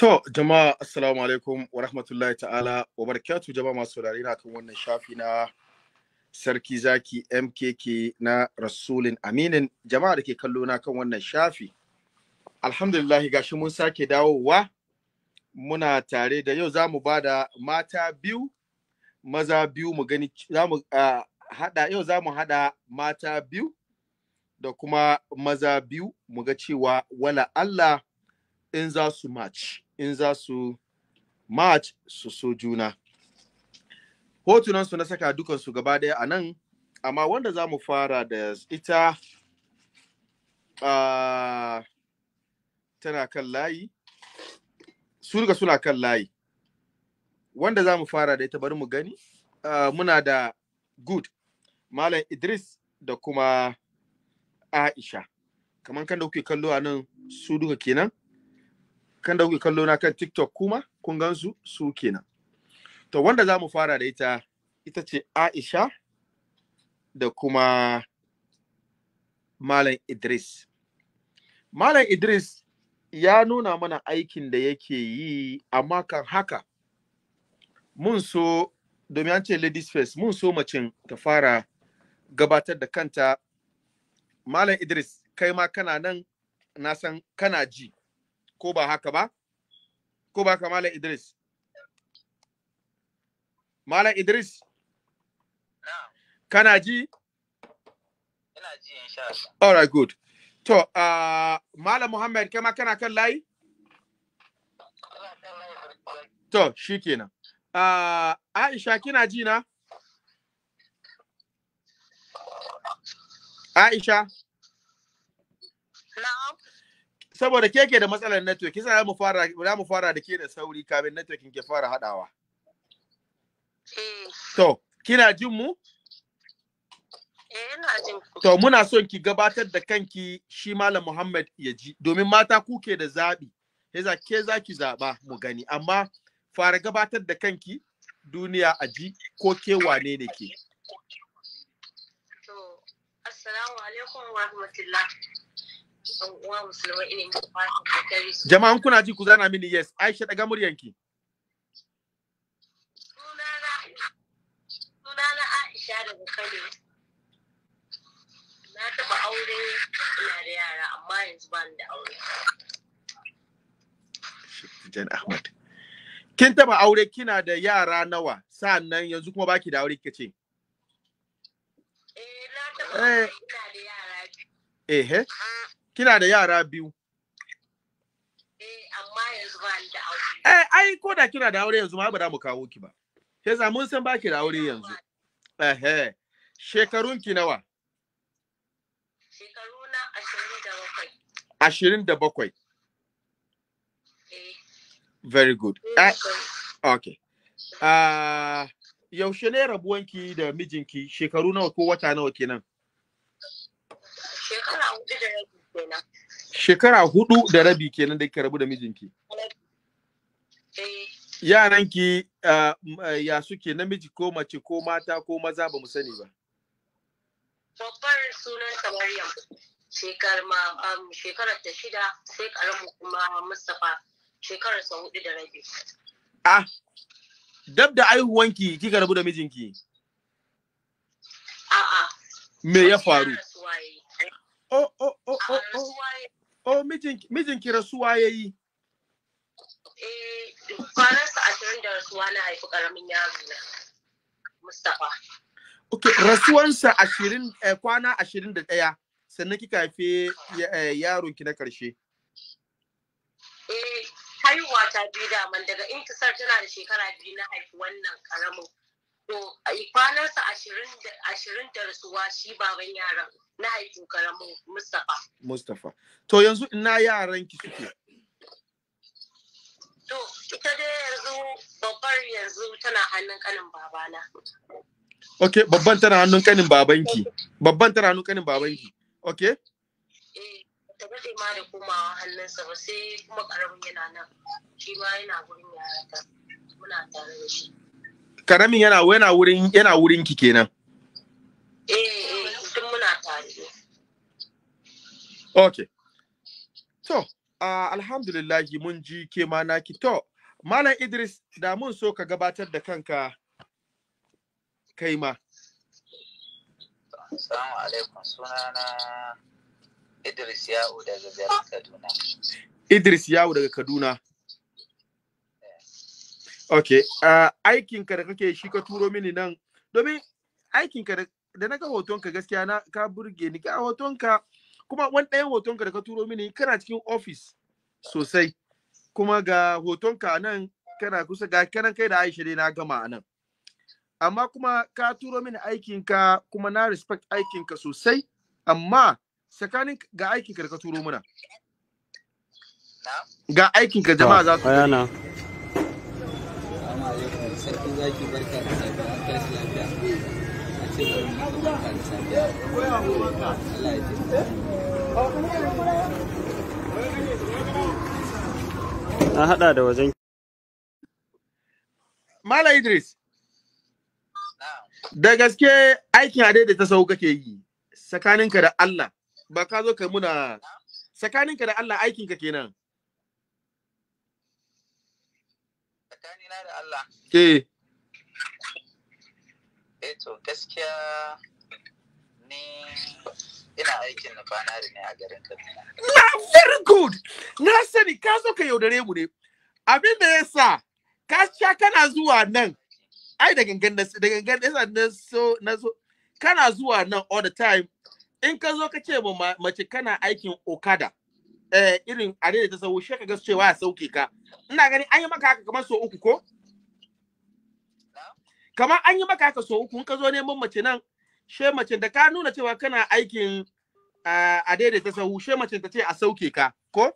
To, jama'a assalamu alaikum wa rahmatullahi ta'ala wa barakatuh jama'a masu saurari na kan wannan shafi na Sarki Zaki MKK na Rasulin Aminin jama'a da ke kallo na kan wannan shafi. alhamdulillahi gashi mun sake dawowa muna tare da yau za mu ba mata biyu maza biyu mu gani za hada yau za mu hada mata biyu da kuma maza biyu mu ga cewa wala Allah in za su match in za su march su so juna hotunansu na saka dukan gaba daya a nan amma wanda za mu fara da ita ah, tana kan layi su suna kan layi wanda za mu fara da ita bari mu gani ah, muna da good malam idris da kuma aisha kamar kanda kuke kallo a nan su duka kenan kan da kuke kallo na kan TikTok kuma kun gansu su kenan. To wanda za mu fara da ita ita ce Aisha da kuma Malam Idris. Malam Idris ya nuna mana aikin da yake yi amma kan haka mun so domin an ce ladies first mun so macin ta fara gabatar da kanta Malam Idris kai ma kana nan na san kana ji. ko ba haka ba ko ba haka malam Idris malam Idris kana ji ina ji insha Allah all good to uh, malam Muhammad kai ma kana kan layi to shikenan uh, Aisha kina ji na Aisha saboda ke ke da matsalar network kisa za mu fara za mu fara da ke da sauri kafin network ke fara hadawa to kina jin mu eh, To muna son ki gabatar da kanki shi Malam Muhammad ya ji domin mata kuke da zaɓi yasa ke za ki zaɓa mu gani amma fara gabatar da kanki duniya a ji ko ke wane ne ke. Jama'an kuna ji ku zana mini yes, Aisha daga muryanki. Aisha daga Kano. Na taɓa aure ina da yara amma yanzu ba ni da aure. Jan Ahmad. Kin taɓa aure kina da yara nawa sa'annan yanzu kuma baki da aure kike ce? Eh na taɓa aure ina da yara Eh, Eh. Ah, kina da yara biyu eh, eh, ai ko da kina da aure yanzu ma ba za mu kawo ki ba. Ke za mun san baki da aure yanzu. Eh eh. Shekarun ki nawa? Shekaru na 27. Ashirin da bakwai. Eh. Very good. Eh, ah, okay. Uh, yaushe ne rabuwanki da mijinki shekaru nawa ko wata nawa kenan? Shekara hudu da rabu. shekara hudu da rabi kenan da kika rabu da mijinki Yaran ki ya suke namiji ko mace ko mata ko maza ba mu sani ba babbar sunanta maryam shekarar ta shida sai karamu kuma mustapha shekarar sa hudu da rabi ah dab da aihuwanki kika rabu da mijinki a'a me ya faru oh mijin ki rasuwa ya yi eh, kwanarsa ashirin da rasuwa na haifi karamin yaro na mustapha ok rasuwansa ashirin eh, kwana ashirin da ɗaya sannan kika haife eh, yaron ki na ƙarshe eh haihuwa ta biyu daman daga intisar tana da shekara biyu na haifi wannan karamin to kwanansa ashirin da rasuwa shi baban yaran na haifin karamin Mustapha. Mustapha. To yanzu ina yaran ki suke? To ita dai yanzu babbar yanzu tana hannun kanin babana. Ok, babban tana hannun kanin babanki. Babban tana hannun kanin babanki. Ok? Eh, ta daɗe ma da komawa hannunsa ba sai kuma ƙaramin yana nan. Shi ma yana gurin ta, Muna tare da shi. karamin yana yana wurin yana wurin ki kenan eh tun eh, muna tare okay to uh, alhamdulillah mun ji ke ma naki to malam Idris da mun so ka gabatar da kanka kai ma Assalamu alaikum sunana Idris Yawo daga Kaduna Idris Yawo daga Kaduna Ok, uh, aikinka da kake shi ka turo mini nan, domin aikinka da na ga hotonka gaskiya na ka burge ni, ka hotonka kuma wani ɗayan hotonka da ka turo mini kana cikin ofis sosai, kuma ga hotonka nan kana kusa ga kanan kai da Aisha dai na gama a nan. Amma kuma ka turo mini aikinka kuma na respect aikinka sosai, amma tsakanin ga aikinka da ka turo muna. Ga aikinka jama'a za su. sarkin zaki barka da safiya an tashi lafiya a ce bari mu ka barka da safiya Allah ya ce an hada da wajen Mala Idris da gaske aikin a daidaita sau kake yi tsakaninka da Allah ba ka zo ka muna tsakaninka da Allah aikinka kenan tsakanina da Allah Eh. Eh gaskiya ni ina aikin na fanari ne a garin Kaduna. Na very good. Na sani ka zo ka yaudare mu ne. Abin da ya sa ka sha kana zuwa nan ai da gangan da gangan da na so na so kana zuwa nan all the time in ka zo ka ce ma mace kana aikin Okada eh irin a ta sau shi ka ga cewa ya sauke ka ina gani an yi maka haka kamar so uku ko kamar an yi maka haka so uku ka zo neman mace nan she mace da ka nuna cewa kana aikin a ta sahu she mace ta ce a sauke ka ko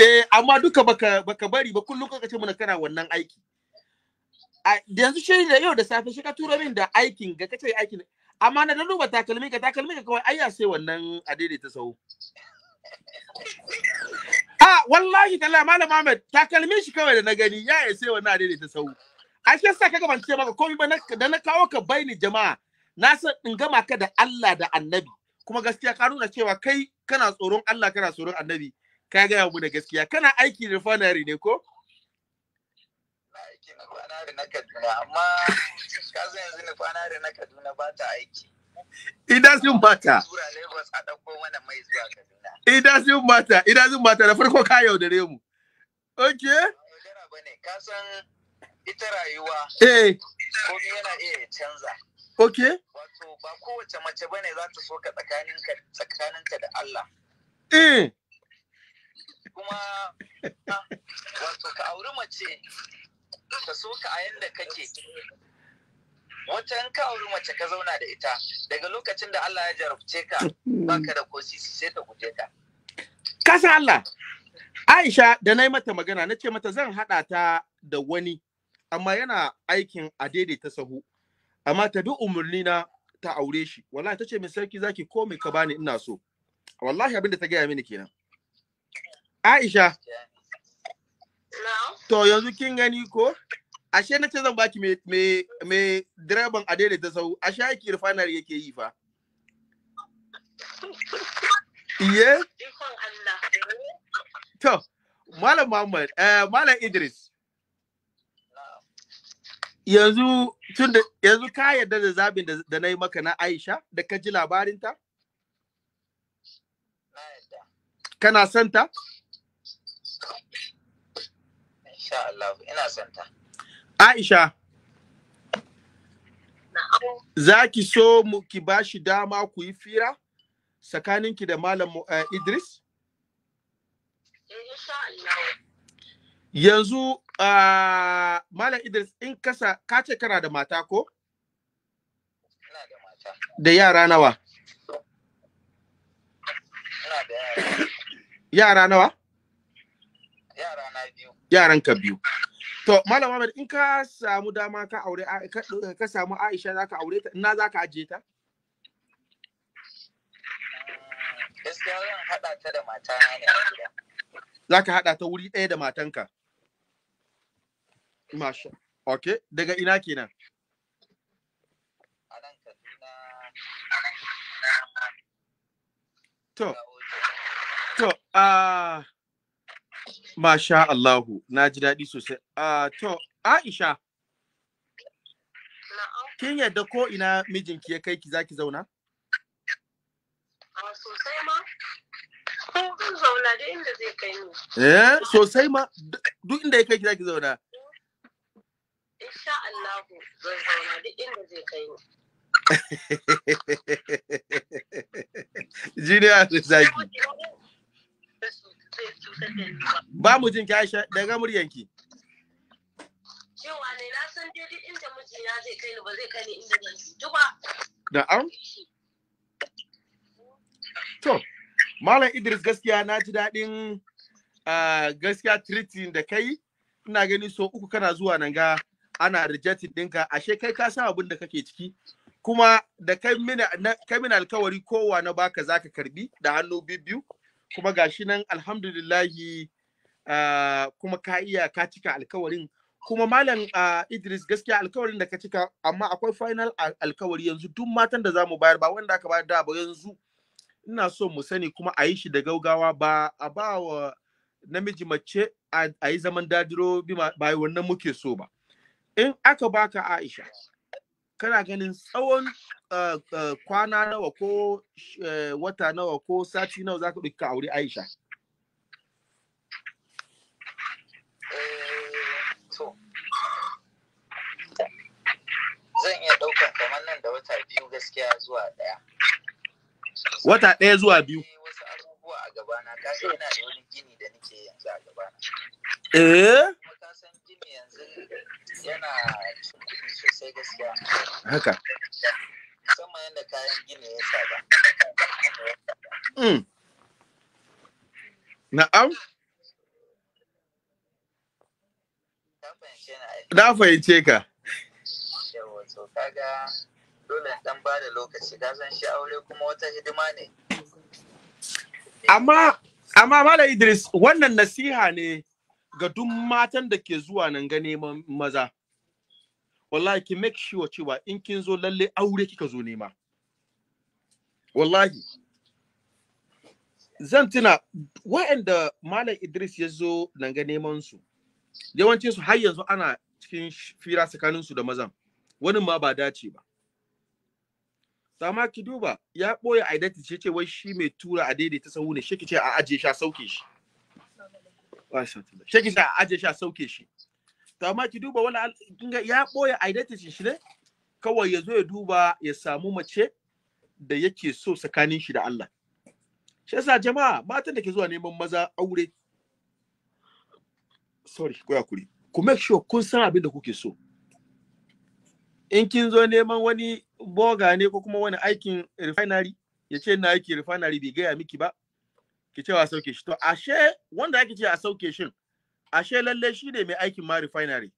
Eh amma duka baka baka bari ba kullum kaka ce muna kana wannan aiki da yanzu shi da yau da safe shi ka turo min da aikin ga kace aikin amma na duba takalmi ka takalmi ka kawai ayya sai wannan a ta sahu A wallahi talla Malam Ahmed takalmin shi kawai da na gani ya yi sai wannan daidaita sau. A shi sa kaga ban ce maka komai ba da na kawo ka baini jama'a na san in gama ka da Allah da Annabi kuma gaskiya ka nuna cewa kai kana tsoron Allah kana tsoron Annabi ka gaya mu da gaskiya kana aiki da refinery ne ko? Na aiki na kwanari na Kaduna amma ka yanzu na kwanari na Kaduna ba ta aiki. It doesn't matter. It doesn't matter. It doesn't matter. Da farko ka yaudare mu. Okay? Ka san ita rayuwa. Eh. Komai yana iya canza. Okay. Wato ba kowace mace bane za ta so ka da Allah. Eh. Kuma wato ka auri mace ka so ka a yanda kake. in ka auri mace ka zauna da ita daga lokacin da Allah ya jarabce ka mm. baka da kosi sai ta guje ka ka Allah Aisha da na yi mata magana na ce mata zan haɗa ta da wani amma yana aikin a ta sahu amma ta bi umarni na ta aure shi wallahi ta ce min sarki zaki ko ka bani ina so wallahi abinda ta gaya mini kenan Aisha to yanzu kin gani ko ashe na ce zan baki me me me direban a ta sau ashe aiki refinery yake yi fa iye to malam muhammad eh malam idris yanzu tun da yanzu ka yarda da zabin da, da na yi maka na aisha da ka ji labarinta kana santa? Insha Allah, ina santa. Aisha. Za ki so mu ki ba shi dama ku yi fira tsakaninki da Malam uh, Idris? Eh, Yanzu uh, Malam Idris in kasa ka ce kana da mata ko? Da yara nawa? Yara nawa? Yara na biyu. Yaranka biyu. To, Malam Ahmed, in ka samu dama ka aure, ka samu Aisha za ka aure ta, ina za ka ajiye ta? Ah, gaskiya zan haɗa ta da mata ne gida. Za ka haɗa ta wuri ɗaya da matanka? Masha. Ok, daga ina kenan? Kaduna. To, to, ah. Uh... Masha Allahu, na ji daɗi sosai. to, Aisha, kin yadda ko ina mijinki ya kai ki zaki zauna? Sosai ma, ko zan zauna duk inda zai kai ni. Eh, sosai ma, duk inda ya kai ki zaki zauna. Insha Allahu, zan zauna duk inda zai kai ni. Jiniya da zaki. ba. mu jin Aisha daga muryanki. Cewa ne na san dai inda ya zai kai ba zai kai ni inda zan ba. To, Malam Idris gaskiya na ji daɗin gaskiya treaty da kai ina gani so uku kana zuwa nan ga ana rejected ɗinka ashe kai ka abin da kake ciki kuma da kai mini alkawari kowa na baka zaka karbi da hannu biyu kuma gashi nan alhamdulillahi uh, kuma ka iya ka cika alkawarin kuma malam uh, Idris gaskiya alkawarin da ka cika amma akwai final alkawari yanzu duk matan da za mu bayar ba wanda aka bayar da ba yanzu ina so mu sani kuma a yi shi da gaugawa ba a ba wa namiji mace a yi zaman dadiro ba wannan muke so ba in aka baka Aisha kana ganin tsawon Eh, eh, kwana nawa ko eh, wata nawa ko sati nawa za ka ɗauki aure Aisha? Zan iya ɗaukan kamar nan da wata biyu gaskiya zuwa ɗaya. zuwa biyu. a nake yanzu a gabana. Eh? gini yanzu yana sosai gaskiya. Haka. kayan gini ya saba. Hmm. Na'am? Na fahimce ka. to kaga dole dan ba da lokaci, ka san shi aure kuma wata hidima ne. Amma, amma Mala Idris, wannan nasiha ne ga duk matan da ke zuwa nan ga neman maza. wallahi ki make sure cewa in kin zo lalle aure kika zo nema wallahi zan tuna wa'anda malam Idris ya zo nan ga neman su yawancin su har yanzu ana cikin fira tsakanin su da mazan wani ma ba dace ba Samaki ki duba ya ɓoye identity ce ce wai shi mai tura a ta sahu ne shi ce a aje shi a sauke shi. Shi ce a aje shi a sauke shi. to amma ki duba wala kinga ya boye identity shi ne kawai ya zo ya duba ya samu mace da yake so tsakanin shi da Allah shi yasa jama'a matan da ke zuwa neman maza aure sorry ko kuri ku make sure kun san abin da kuke so in kin zo neman wani boga ne ko kuma wani aikin refinery ya ce na aiki refinery bai gaya miki ba ki cewa sauke shi to ashe wanda ake ce a sauke shin ashe lalle shi ne mai aikin ma refinery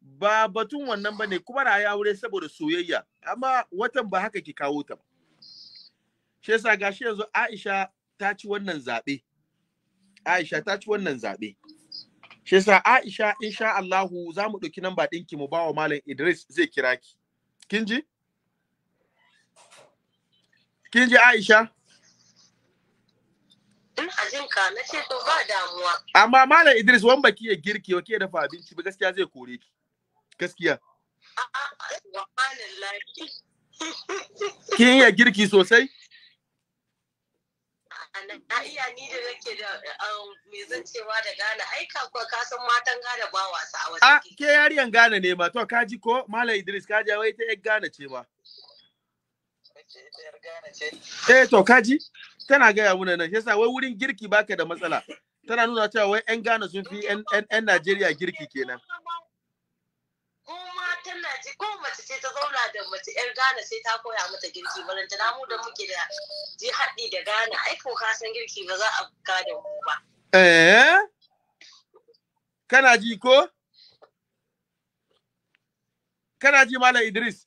ba batun wannan ba ne kuma na ya aure saboda soyayya amma watan ba haka ki kawo ta ba shi yasa gashi yanzu Aisha ta ci wannan zabe Aisha ta ci wannan zaɓe shi yasa Aisha insha Allah za mu ɗauki namba ɗinki mu bawa Malam Idris zai kira ki kin ji kin ji Aisha ina jin ka na ce to ba damuwa amma malam Idris wan baki ya girki wa ke dafa abinci ba gaskiya zai kore ki gaskiya kin iya girki sosai na iya ni da nake da mai um, zancewa da Ghana ai ka ko ka san matan Ghana ba wasa a wajen ah, ki ke yariyan Ghana ne ma to ka ji ko Malam Idris ka wai ta yar Ghana ce ma eh to ka ji tana gaya muna nan yasa wai wurin girki baka da matsala tana nuna cewa wai yan Ghana sun fi yan Najeriya girki kenan kuma tana ji ko mace sai ta zauna da mace yar Ghana sai ta koya mata girki balanta na mu da muke da ji haɗi da Ghana ai ko ka san girki ba za a ga da mu ba eh kana ji ko kana ji malam Idris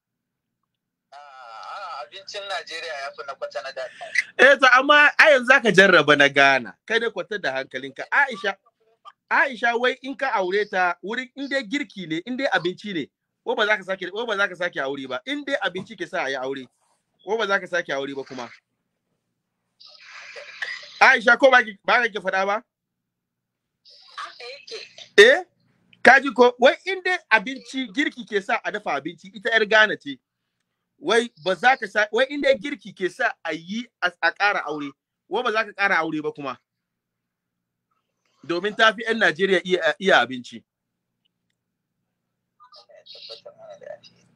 abincin Najeriya ya fi na kwata na daɗi. Eh to amma a yanzu ka jarraba na Ghana. Kai da kwata da hankalinka. Aisha Aisha wai in ka aure ta wurin in dai girki ne, in dai abinci ne, ko ba za ka sake ko ba za ka sake aure ba. In dai abinci ke sa a yi aure, ko ba za ka sake aure ba kuma. Aisha ko ba ka ke faɗa ba? Eh? Kaji ko wai in dai abinci girki ke sa a dafa abinci ita 'yar Ghana ce. wai ba za ka sa wai inda girki ke sa a yi a ƙara aure wai ba za ka ƙara aure ba kuma domin ta fi 'yan Najeriya iya abinci.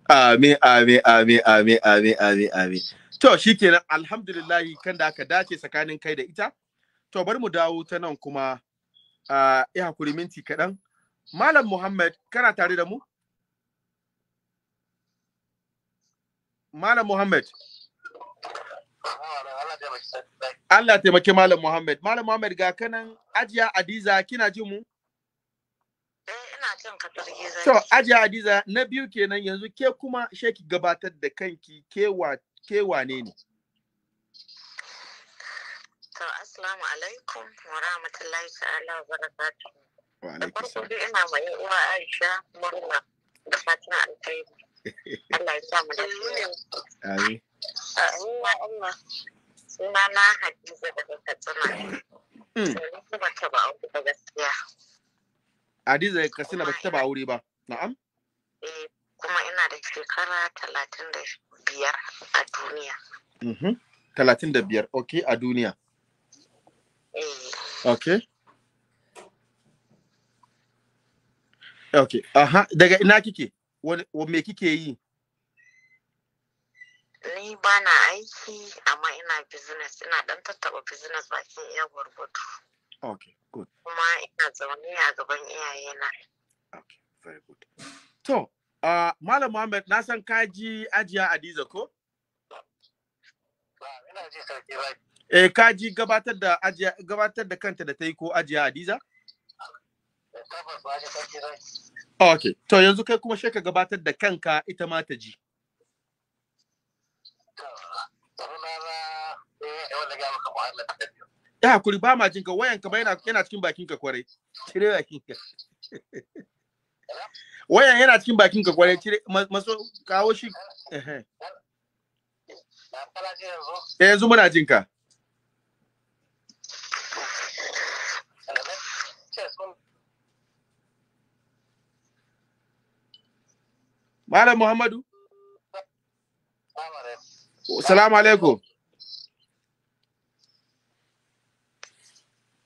Amin, amin, amin, amin, amin, amin, amin. To, shi kenan alhamdulillahi kan da aka dace tsakanin kai da ita. To, bari mu dawo ta nan kuma ya hakuri minti kaɗan. Malam Muhammad, kana tare da mu? Malam Muhammad. Allah taimake Malam Muhammad. Malam Muhammad ga kanan Ajiya Adiza kina ji mu? Eh To Ajiya Adiza na biyu kenan yanzu ke kuma sheki gabatar da kanki kewa kewa ne ne. To assalamu alaikum wa rahmatullahi ta'ala wa barakatuh. Wa alaikum salam. Ina mai uwa Aisha murna da fatan alheri. Allah ya sa mu da Amin. Amin Allah. Suna na Hadiza daga ta ba aure kuma ina da shekara talatin da biyar a duniya. Talatin da biyar, a duniya. daga ina kike? me kike yi? Ni ba na aiki amma ina business, ina ɗan tattaba business bakin iya gwargwado. Okay, good. Kuma ina zaune a gaban iyayena. Okay, very good. To, uh, Malam Muhammad, na san kaji ajiya Adiza ko? Ina ji sarki Eh, kaji gabatar da ajiya gabatar da kanta da ta yi ko ajiya Adiza? Eh, tabbas ba sarki Ah, ok, to yanzu kai kuma shi ka gabatar da kanka ita ma ta ji. Ya hakuri ba ma jinka wayan ka yana yana cikin bakin ka kwarai. Cire bakin ka. Wayan yana cikin bakin ka kwarai cire maso kawo shi. Eh yanzu muna jinka. Malam Muhammadu. Assalamu alaikum.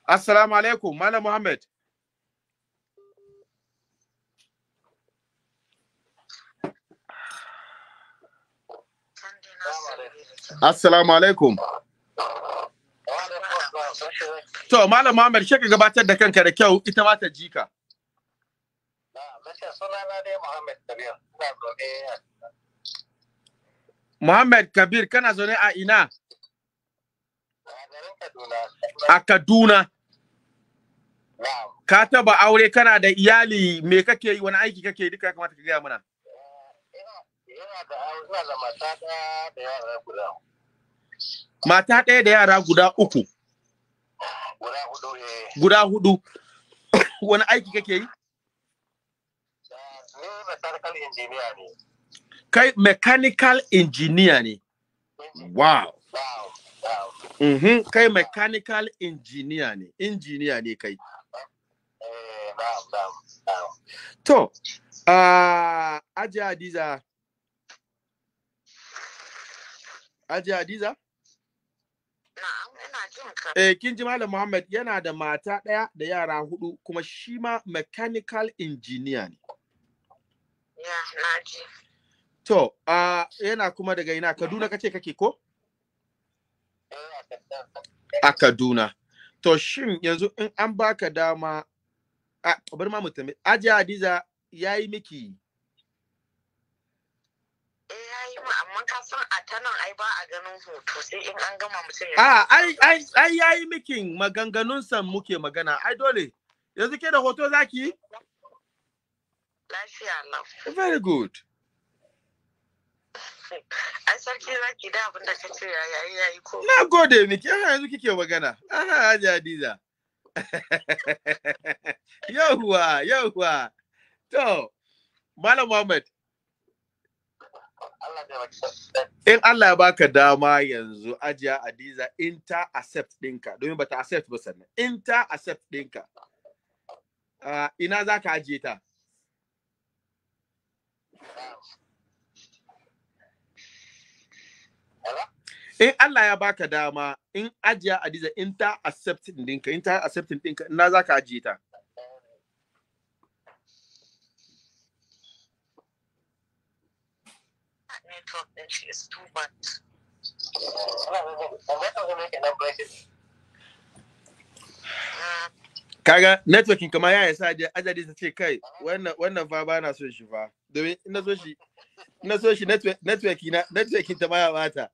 Assalamu alaikum, Malam Muhammad. Assalamu alaikum. To, Malam Muhammad, shi ka gabatar da kanka da kyau, ita ma ta jika. Na, mace sunana dai Muhammad Kabir. Mohamed Kabir kana zaune a ina? A Kaduna. Ka taba aure kana da iyali me kake yi wani aiki kake yi duka kamata ka gaya mana. Mata ɗaya da yara guda uku. Guda hudu. Eh. Wani aiki kake yi? mechanical engineer kai mechanical engineer ne wow Mhm, kai mechanical engineer ne, engineer ne kai. Eh, to, uh, Aji Hadiza, Aji Hadiza? Eh, kin ji Malam Muhammad yana da mata ɗaya da yara hudu kuma shi ma mechanical engineer ne. Ya, na ji. To, uh, yana kuma daga ina Kaduna kace kake ko? A Kaduna. To shin yanzu in an baka dama a bari ma mutum Aji Hadiza ya yi miki eh, amma ka san a ta ai ba a ganin hoto sai in an gama mutum ya ai ai ai yayi mikin maganganun san muke magana ai dole yanzu ke da hoto zaki Lafiya lau. Very good. sarki da abin da ya yayi ko. Na gode miki, aha yanzu kike magana. Aha Hajiya Hadiza. Yawwa, yawwa. To, Malam Muhammad. In Allah ya baka dama yanzu ajiya Adiza in ta accept ɗinka, domin ba ta accept ba sannan. In ta accept ɗinka, ah, ina za ka ajiye ta? in Allah ya baka dama in ajiya Adiza in ta accept ɗinka, in ta accept ɗinka, ina za ka ajiye ta network is too much kaga networking kamar ya yasa ajali ta ce kai wannan wannan fa ba na so shi fa domin ina so shi na so shi network na networking ta baya bata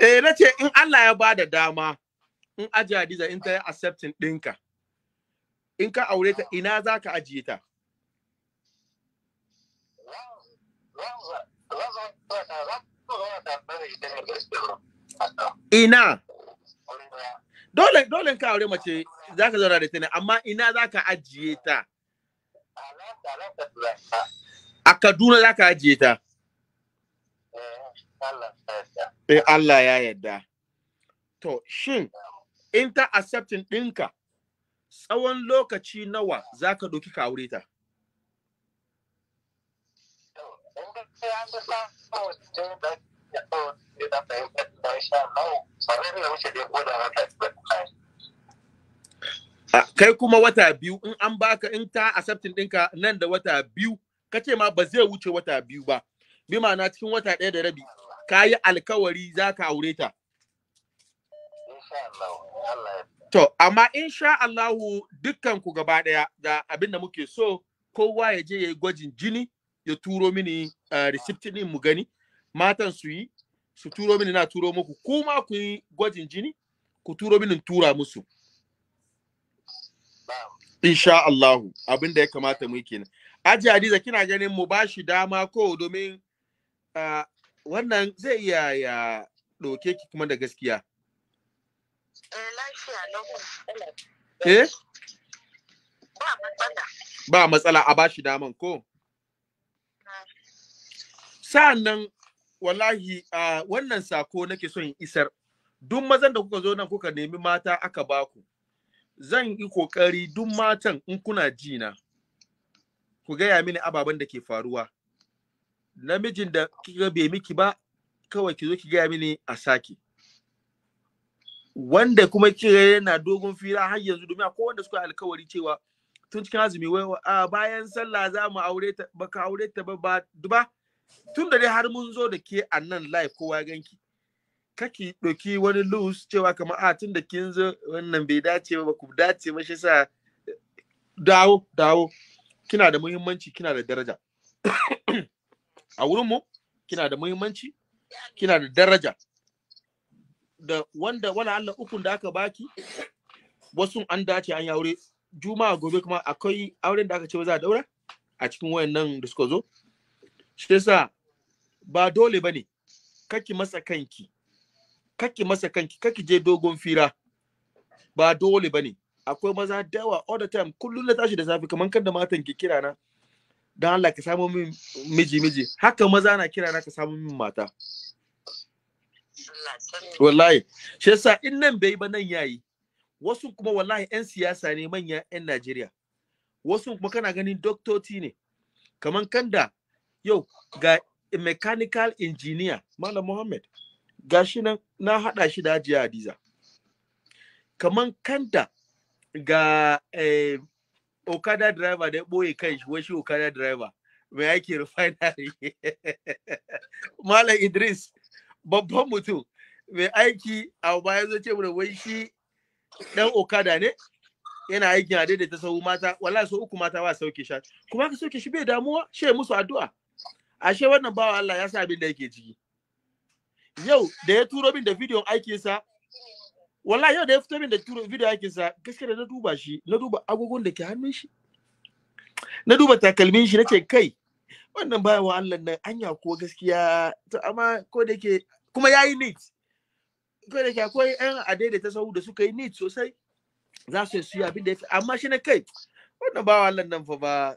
eh na ce in Allah ya bada dama in ajali da in ta yi accepting dinka in ka aure ta ina za ka ajiye ta ina dole dole ka aure mace za ka zauna da ta ne amma ina za ka ajiye ta a kaduna za ka ajiye ta eh Allah ya yarda to shin in ta accepting ɗinka tsawon lokaci nawa za ka ɗauki ka aure ta in kai kuma wata biyu in an baka in ta accepting ɗinka nan da wata biyu kace ma ba zai wuce wata biyu ba bi ma'ana cikin wata ɗaya da rabi ka yi alkawari za ka aure ta to amma insha Allahu dukkan ku gaba ɗaya da abin da muke so kowa ya je ya yi gwajin jini ya turo mini uh, receipt ɗin mu gani matan su yi su turo mini na turo muku kuma ku yi gwajin jini ku turo mini tura musu insha Allahu abin da ya kamata mu kenan Aji Hadiza kina ganin mu ba shi dama ko domin wannan zai iya ya ɗauke ki kuma da gaskiya. Eh? eh? Ba matsala a ba shi daman ko? Sa'annan. wallahi a wannan sako nake son isar duk mazan da kuka zo nan kuka nemi mata aka baku zan yi kokari duk matan in kuna ji na ku gaya mini ababen da ke faruwa namijin da kika bai miki ba kawai ki zo ki gaya mini a saki wanda kuma kira yana dogon fira har yanzu domin akwai wanda suka alkawari cewa tun cikin azumi wai bayan sallah za mu aure ta baka aure ta ba ba tun da dai har mun zo da ke a nan live kowa ganki kake ɗauki wani loose cewa kamar a ah, tun da kin zo wannan bai dace ba ku dace ba shi sa dawo dawo kina da muhimmanci kina da daraja a wurin mu kina da muhimmanci kina da daraja da wanda wala Allah ukun da aka baki wasu an dace an yaure juma'a gobe kuma akwai auren da aka ce za a daura a cikin wayannan da suka zo shi yasa ba dole bane kaki masa kanki kaki masa kanki kaki je dogon fira ba dole bane akwai maza dawa all the time kullum na tashi da safe kamar kan da matan ke kira na don Allah ka samu min miji miji haka maza na kira na ka samu min mata wallahi shi yasa in nan bai ba nan yayi wasu kuma wallahi 'yan siyasa ne manyan 'yan Najeriya wasu kuma kana ganin doktoci ne kaman kanda yau ga mechanical engineer malam muhammad gashi nan na hada shi da hajiya hadiza kaman kanta ga eh, okada driver da ya boye kai shi shi okada driver mai aiki refinery malam idris babban mutum mai aiki a baya zo ce mana wai shi dan okada ne yana aikin a daidaita sahu mata wala so uku mata ba sauke shi kuma ka sauke shi bai damuwa shi musu addu'a ashe wannan bawa Allah ya sa abin da yake ciki yau da ya turo min da bidiyon aikinsa wallahi yau da ya fito min da turo bidiyon aikinsa gaskiya na duba shi na duba agogon da ke hannun shi na duba takalmin shi nace kai wannan bawa Allah nan anya ko gaskiya to amma ko da yake kuma yayi neat ko da yake akwai yan adaida ta sahu da suka yi neat sosai za su yi abin da ya fi amma shi na kai wannan bawa Allah nan fa ba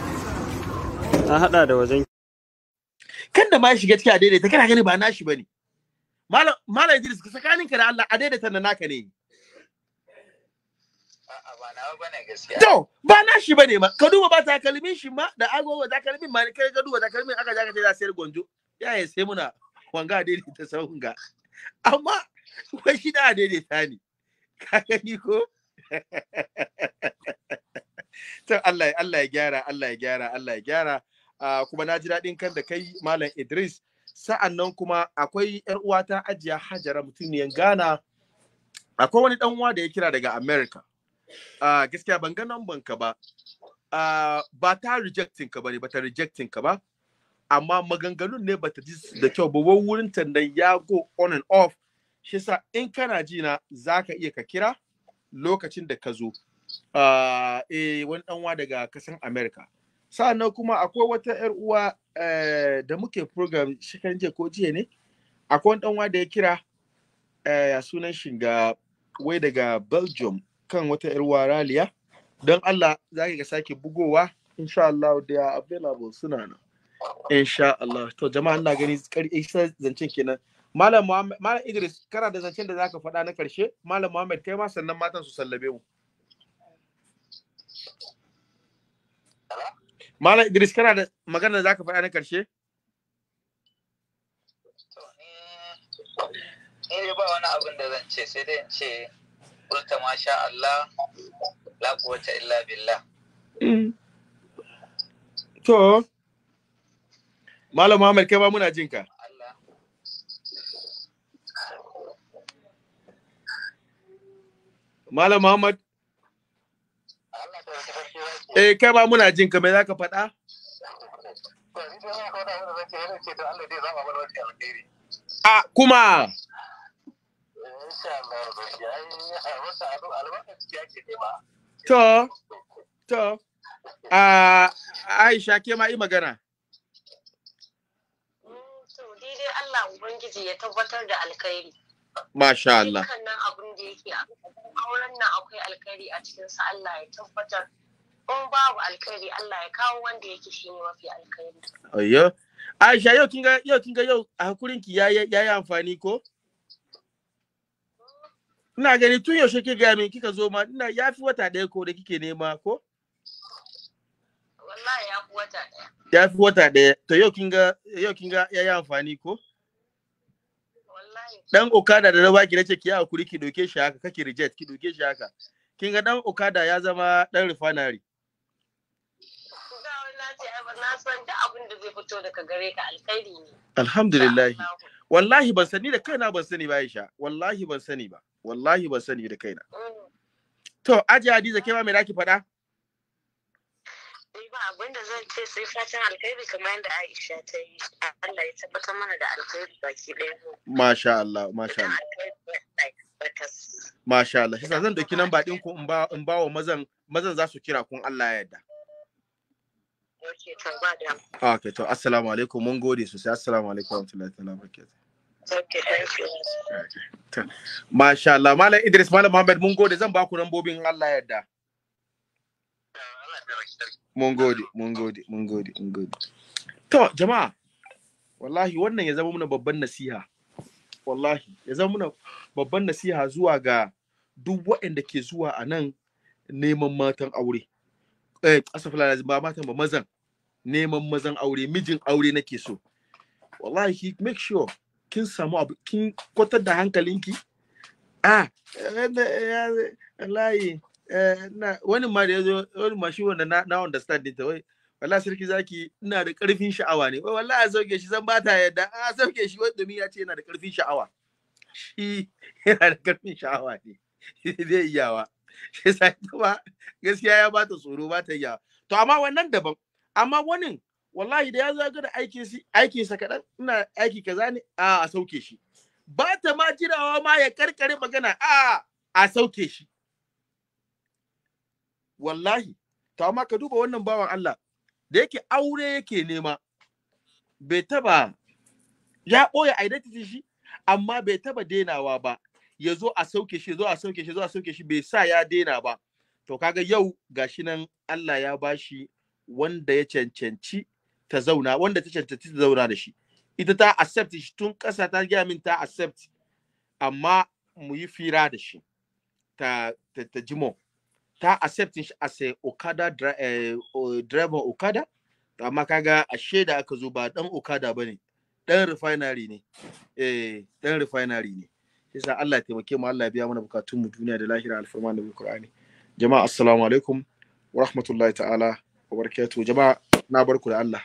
An hada da wajen kan da ma ya shiga cikin adaidaita kana gani ba nashi bane malam malam Idris tsakanin ka da Allah adaidaita na naka ne To, ba na shi ne ma, ka duba ba takalmin shi ma da agogo kalmin ma ne kai ga duba kalmin aka ja ka ce za sayar gonjo. Ya ya sai muna wanga daidaita sahun ga. Amma wai shi da daidaita ne. Ka gani ko? To Allah ya gyara, Allah ya gyara, Allah ya gyara. Ah, kuma na ji daɗin kan da kai Malam Idris. Sa'an nan kuma akwai ‘yar uwata ajiya Hajara mutuniyar Ghana. Akwai wani ɗan uwa da ya kira daga America. Ah, gaskiya ban ga namban ka ba. Ah, ba ta rejectin ka ba ne, ba ta rejectin ka ba. Amma maganganun ne ba ta ji da kyau ba wurin tandan ya go on and off. Shi sa in kana ji na za ka iya ka kira lokacin da ka zo. eh wani ɗanwa daga kasan America. sa'annan kuma akwai wata yar uwa eh, da muke program shekan je ko jiya ne akwai wani ɗanwa da ya kira eh, ya sunan ga wai daga belgium kan wata yar uwa raliya don allah za ka sake bugowa insha Allah they are available suna nan insha Allah to jama'a ina gani karshen eh, zancen kenan malam Muhammad malam Idris kana da zancen da zaka faɗa na karshe malam Muhammad kai ma sannan matan su sallabe mu Malam Idris kana da magana da ka faɗa na ƙarshe? Eh, eh ba wani abin da zan ce sai dai in ce kulta masha Allah la quwwata illa billah. Hmm. To Malam Muhammad kai ba muna jin ka. Malam Muhammad Eh kai ma muna jin ka me zaka faɗa? A kuma To, to, a Aisha ke ma yi magana. To, daidai Allah Ubangiji ya tabbatar da alkhairi. Masha Allah. Dukkanin abin da yake auren nan akwai alkhairi a cikinsa Allah ya tabbatar. in babu alkhairi Allah ya kawo wanda yake shi ne mafi alkhairi ayyo Aisha yau kin ga yau kin ga yau a hakurin ki yayi yayi amfani ko ina gani tun yaushe kika ga min kika zo ma ina yafi wata ɗaya ko da kike nema ko wallahi ya fi wata ɗaya ya fi wata ɗaya to yau kin ga yau kin ga yayi amfani ko dan okada da na baki nace ki hakuri ki doke shi haka kake reject ki doke shi haka kin ga dan okada ya zama dan refinery san duk abin da zai fito daga gare ka alkhairi ne alhamdulillah wallahi ban sani da kaina ban sani ba Aisha wallahi ban sani ba wallahi ban sani da kaina mm. to aji Hadiza ke ma me zaki faɗa ba abin da zan ce sai fatan alkhairi kamar yadda Aisha ta yi Allah ya tabbatar mana da alkhairi baki ɗaya masha Allah masha Allah Masha Allah, shi zan doki nan baɗin ku in ba wa mazan mazan za su kira kun Allah ya yarda. Okay, to assalamu alaikum mun gode sosai assalamu alaikum warahmatullahi ta'ala barakatuh. Okay, thank you. Okay. Masha Allah, Malam Idris, Malam Muhammad mun gode zan ba ku rambobin Allah yarda. Mun gode, mun gode, mun gode, mun gode. To, jama'a, wallahi wannan ya zama muna babban nasiha. Wallahi, ya zama muna babban nasiha zuwa ga duk waɗanda ke zuwa a nan neman matan aure. eh asafala ba matan ba mazan neman mazan aure mijin aure nake so wallahi ki make sure kin samu abu kin kwatar da hankalinki ah wallahi eh, wani ma da yazo wani ma shi wanda na understand din ta wai wallahi sarki zaki ina da karfin sha'awa ne wai wallahi sauke shi san bata yadda a sauke shi wai domin ya ce yana da karfin sha'awa shi yana da karfin sha'awa ne zai iyawa shi yasa ba gaskiya ya bata tsoro ba ta to amma wannan daban amma wani wallahi da ya zaga da aikin aikin sa kadan ina aiki kaza ne a a sauke shi ba ta ma jirawa ma ya karkare magana a a sauke shi wallahi to amma ka duba wannan bawan Allah da yake aure yake nema bai taba ya ɓoye identity shi amma bai taba denawa ba ya zo a sauke shi zo a sauke shi zo a sauke shi bai sa ya daina ba to kaga yau gashi nan Allah ya bashi wanda ya cancanci ta zauna wanda ta cancanci ta zauna da shi ita ta accept shi tun kasa ta gaya min ta accept amma mu yi fira da shi ta ta, ta jimo ta accept shi as a Okada eh, driver Okada amma kaga a sheda aka zo ba dan Okada bane dan refinery ne eh dan refinery ne shi Allah ya taimake mu Allah ya biya mana bukatun mu duniya da lahira alfarma da Qur'ani jama'a assalamu alaikum wa rahmatullahi ta'ala wa barakatuh jama'a na barku da Allah